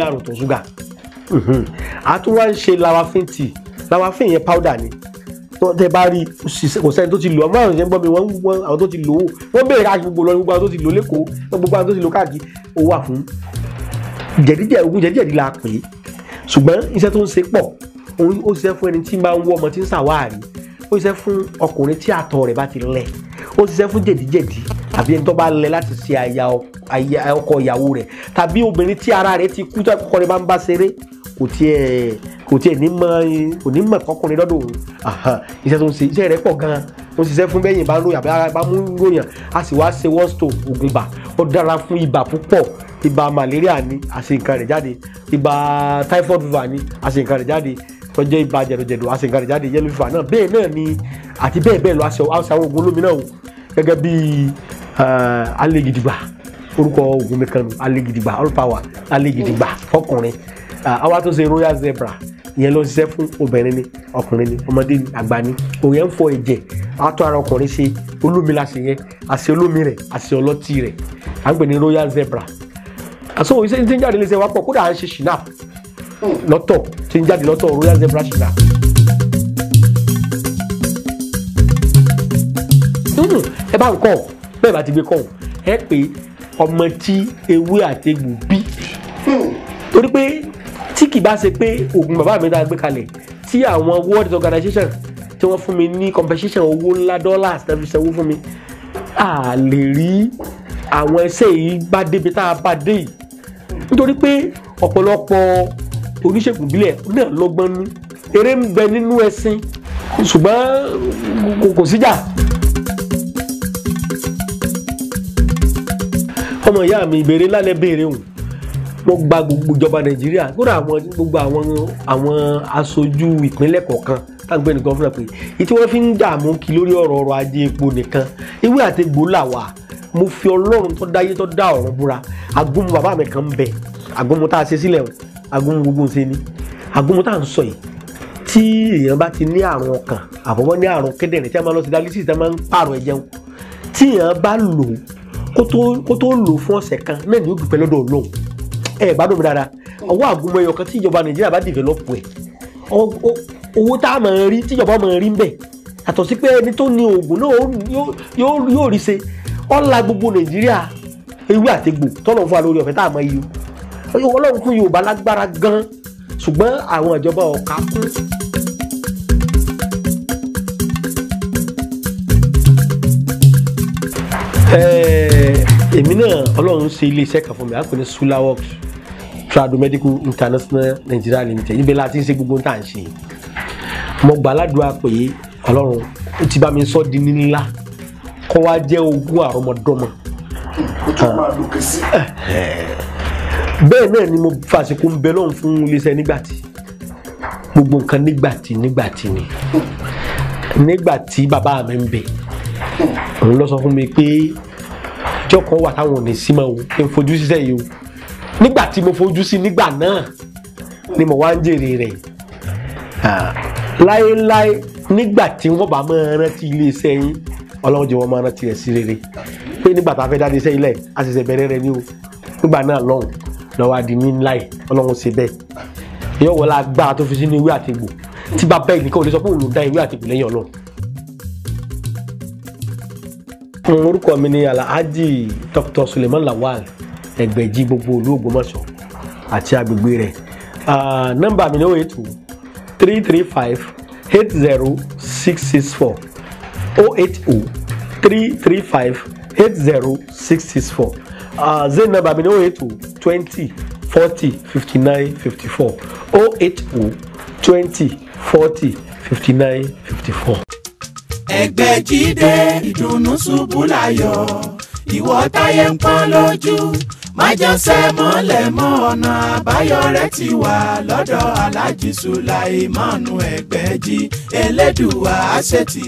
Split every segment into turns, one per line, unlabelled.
àrùn tó ṣúgà a tún wá ń ṣe lawafin tea lawafin yẹn powder ni tẹ bá rí kò sẹ́ni tó ti lò ọmọ àwọn ìṣẹ́gbọ́n mi wọ́n àwọn tó ti lò ó wọ́n béèrè káàkiri gbogbo lọ́nà gbogbo àwọn tó ti lò lẹ́kọ̀ọ́ gbogbo àwọn tó ti lò káàkiri ó wà fún jẹ̀díjẹ̀ ogun jẹ̀díjẹ̀dí la pè é ṣùgbọ́n iṣẹ́ tó ń ṣe pọ̀ ó ṣiṣẹ́ fún ẹni tí máa ń wọ́ ọmọ tí ń ṣàwárí ó ṣiṣẹ́ fún ọkùnrin tí àtọ̀ rẹ̀ bá ti lẹ̀ ó ṣiṣẹ́ fún jẹ̀díjẹ̀dí tàbí ẹni tó bá lẹ láti ṣe aya ọkọ ìyàwó rẹ̀ tàbí obìnrin tí ara rẹ̀ ti kú tó kọ́kọ́ rẹ̀ bá ń bá ṣeré kò tiẹ̀ kò tiẹ̀ ní mọ̀ kò ní mọ̀ kọkùnrin lọ́dọ̀ òun iṣẹ́ tó ń ṣe iṣẹ́ rẹ̀ pọ̀ gan-an ó ṣiṣẹ́ fún bẹ́yìn bá ròyìn àbí ara bá mú ròyìn a sì wá ṣe one stone oògùn ibà ó dára fún ibà púpọ̀ ibà malaria ni àṣe nǹkan rẹ̀ jáde ibà typhoid fever ni àṣe nǹkan rẹ̀ jáde tó ibà jẹ̀dọ̀jẹ̀dọ̀ àṣe nǹkan rẹ̀ jáde yellow fever náà bẹ́ẹ̀ náà ni àti bẹ́ẹ̀ bẹ́ẹ̀ lọ àṣà àwọn olómi náà o gẹ́gẹ́ bíi Eh, alegidigba orúkọ oògùn mi alegidigba all power alegidigba fọkùnrin eh, àwa tó ṣe royal zebra ìyẹn ló ṣiṣẹ́ fún obìnrin ni ọkùnrin ni ọmọdé ni àgbà ni òun yẹn ń fọ ẹ̀jẹ̀ àtọ́ ara ọkùnrin ṣe olómi la ṣe yẹn àṣẹ olómi rẹ̀ àṣẹ ọlọ́tì rẹ̀ à ń pè ní royal zebra àṣọ òun ṣe ń jáde léṣe wa pọ̀ kódà à ń ṣe ṣìnà lọ́tọ̀ ṣe ń jáde lọ́tọ̀ royal zebra ṣìnà. ẹ bá ń kọ́ bẹ́ẹ̀ bá ti gbé kọ́hún ẹ pé ọmọ tí ewé àtegbò bí hmm. torí pé tí kì bá ṣe pé oògùn bàbá mi dáa gbé kalẹ̀ tí àwọn world organization tí wọ́n fún mi ní compensation owó ńlá dollars tẹ́ fi sanwó fún mi a lè rí àwọn ẹsẹ̀ yìí bá débi tá a bá dé yìí nítorí pé ọ̀pọ̀lọpọ̀ oníṣègùn ìbílẹ̀ náà lọ́gbọ́n nú eré ń bẹ nínú ẹ̀sìn ṣùgbọ́n kò síjà ọmọ ìyá mi ìbéèrè lálẹ́ béèrè òun mo gba gbogbo ìjọba nàìjíríà kódà àwọn gbogbo àwọn àwọn aṣojú ìpínlẹ̀ kọ̀ọ̀kan táwọn gbẹ̀ni gọ́fúnà pé ìtí wọ́n fi ń dààmú kí lórí ọ̀rọ̀ ọrọ̀ ajé epo nìkan ìwé àtegbò là wà mo fi ọlọ́run tó dáyé tó dá ọ̀run búra agbóhùn bàbá mi kan bẹ̀ agbóhùn tá a ṣe sílẹ̀ o agbóhùn gbogbo ṣe ni agbóhùn tá à ń sọ yìí tí èèyàn bá ti ní àrùn ọkàn àbọ̀bọ̀ ní àrùn kíndìnrín tí a máa lọ sí dialysis tí a máa ń pààrọ̀ ẹ̀jẹ̀ tí èèyàn bá lò ó kó tó lò fún ọ̀sẹ̀ kan náà ni ó dúpẹ́ lọ́dọ̀ Ọlọ́run ẹ bá dùn mí dára ọwọ́ àgùnmọ̀ ẹyọ kan tí ìjọba Nàìjíríà bá dìvẹ́lọ́pù ẹ̀ owó tá a máa ń rí tíjọba máa ń rí ń bẹ̀ àtọ̀ sí pé ẹni tó ní oògùn náà yóò rí ṣe ọ̀la gbogbo Nàìjíríà ewé àtegbò tọ́lọ̀ fún wa lórí ọ̀fẹ́ tá a máa yí o Ọlọ́run kún Yorùbá lágbára gan ṣùgbọ́n àwọn ìjọba ọ̀ka kún. Eh, èmi náà ọlọ́run ṣe iléeṣẹ́ kan fún mi à ń pè trado medical international nigeria limited ibẹ̀ la ti ń ṣe gbogbo tá à ń ṣe mo gbà ládùúgbà pé ọlọ́run ó ti bá mi sọ di ní ńlá kó wá jẹ́ ogún àrọmọdọ́mọ. ojú máa lókè bẹ́ẹ̀ náà ni mo fàṣekú ń bẹ lọ́run fún iléeṣẹ́ nígbàtí gbogbo nǹkan nígbàtí nígbàtí ni nígbàtí bàbá mi ń bẹ òun lọ sọ fún mi pé ìjọ kan wà táwọn ò ní sí mọ́ o kí n fojú síṣẹ́ yìí o nígbà tí mo fojú sí nígbà náà ni mo wá ń jèrè rẹ̀ ah, láéláé nígbà tí wọ́n bá máa rántí iléeṣẹ́ yín ọlọ́run jẹ́ wọ́n máa rántí rẹ̀ sí rere pé nígbà tá a fẹ́ dá iléeṣẹ́ ilẹ̀ a sì ṣe bẹ̀rẹ̀ rẹ̀ ní o nígbà náà lọ́hùn lọ́wọ́ adi ní ńlá yìí ṣe bẹ́ẹ̀ yọ̀wọ́ la tó fi sínú ewé àtìgbò tí bàbá ẹ̀ nìkan ò lè sọ pé òun ló dá ewé àtìgbò lẹ́yìn ọlọ́run orúkọ mi ni alhaji dr suleiman lawal ẹgbẹ̀jì gbogbo olú Ògbómọ̀ṣọ́ àti agbègbè rẹ̀ nọ́mbà mi ni o oh eight two three three five eight zero six six four o oh eight two three three five eight zero six six four zen nọ́mbà mi ni o oh eight two twenty forty fifty nine fifty four o eight two twenty forty fifty nine fifty four ẹgbẹ́
jíde ìdùnnú ṣubú láyọ̀ ìwọ táyé ń pọ́n lójú májẹsẹ̀ mọ́lẹ̀ mọ́ ọ̀nà àbáyọ rẹ̀ ti wà lọ́dọ̀ aláàjì sùláìmánu ẹgbẹ́jì elédùwà àṣetì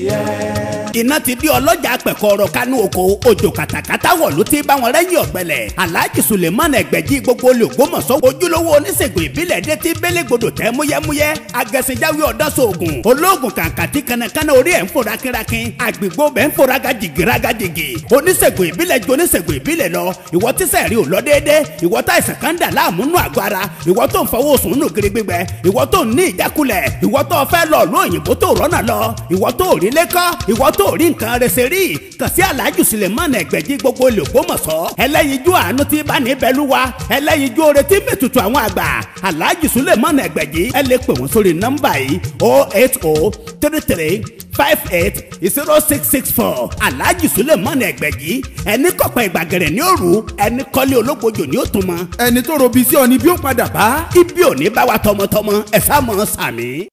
iná ti di ọlọ́jà pẹ̀kọ́rọ̀ kánú oko òjò kàtàkàtà wọ̀ ló ti bá wọn rẹ́yìn ọ̀gbẹ́lẹ̀ aláàjì sùláìmánu ẹgbẹ́jì gbogbo olùgbòmọ̀sọ́ ojúlówó oníṣègùn ìbílẹ̀ dé ti bélégbodò tẹ́ múyẹ́múyẹ́ agẹ̀sìnjáwé ọ̀dọ́sọ̀ọ̀gùn olóògùn kàǹkàtì kanakana orí ẹ̀ ń fò rákínrákín àgbègbè bẹ́ẹ̀ ń fò rágàjìgì rágàjìgì oníṣègùn ìbílẹ̀ ju oníṣègùn ìbílẹ̀ lọ ìwọ tíṣẹ̀ rí ò lọ déédéé ìwọ tá ìsàn kan dà láàmú nù àgọ́ ara ìwọ tó ń fọwọ́ sùn nù gírí gbígbẹ ìwọ tó ń ní ìjákulẹ̀ ìwọ tó fẹ́ lọ ló òyìnbó tó rọ́nà lọ ìwọ tó rí lẹ́kọ́ ìwọ tó rí nǹkan rẹsẹ̀ rí kàn sí aláàjù Sulemana Ẹgbẹ̀jì gbogbo l'Ògbómọ̀ṣọ́ ẹlẹ́yinjú àánú tí bá ní bẹ́lúwa ẹlẹ́yinjú oore tí mẹ́tutù àwọn àgbà aláàjù Sulemana Ẹgbẹ̀jì ẹ lè pè wọ́n sórí nọ́mbà yìí 08033 five eight zero six six four alhaji suleiman ẹgbẹ̀jì ẹni kọ̀pẹ́ ìgbàgẹ̀rẹ̀ ní òru ẹni kọ́lé ológbojò ní òtún mọ́. ẹni tó robi sí ọ ni bí ó padà bá. ibi ò ní bá wa tọmọtọmọ ẹ sá mọ sàmì.